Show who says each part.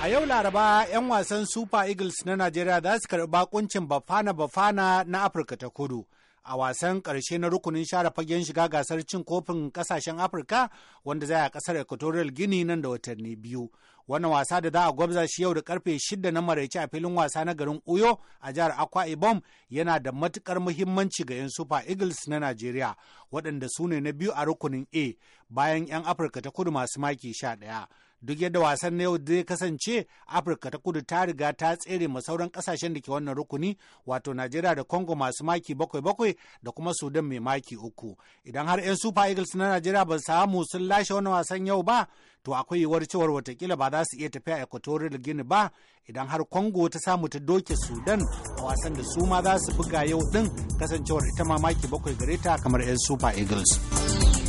Speaker 1: A yau Laraba 'yan wasan Super Eagles na Najeriya za su karɓi bakuncin Bafana Bafana na Afirka ta Kudu. A wasan ƙarshe na rukunin share fagen shiga gasar cin kofin ƙasashen Afirka wanda za a ƙasar Equatorial Guinea nan da watanni biyu. Wannan wasa da za a gwabza shi yau da karfe shida na maraice a filin wasa na garin Uyo a jihar Akwa Ibom yana da matukar muhimmanci ga 'yan Super Eagles na Najeriya waɗanda su ne na biyu a rukunin A bayan 'yan Afirka ta kudu masu maki sha ɗaya. duk yadda wasan na yau zai kasance afirka ta kudu ta riga ta tsere ma sauran kasashen da ke wannan rukuni wato najeriya da congo masu maki bakwai bakwai da kuma sudan mai maki uku idan har 'yan super eagles na najeriya ba samu sun lashe wani wasan yau ba to akwai yiwuwar cewar watakila ba za su iya tafiya a equatorial guinea ba idan har congo ta samu ta doke sudan a wasan da su ma za su buga yau din kasancewar ita ma maki bakwai gareta kamar 'yan super eagles.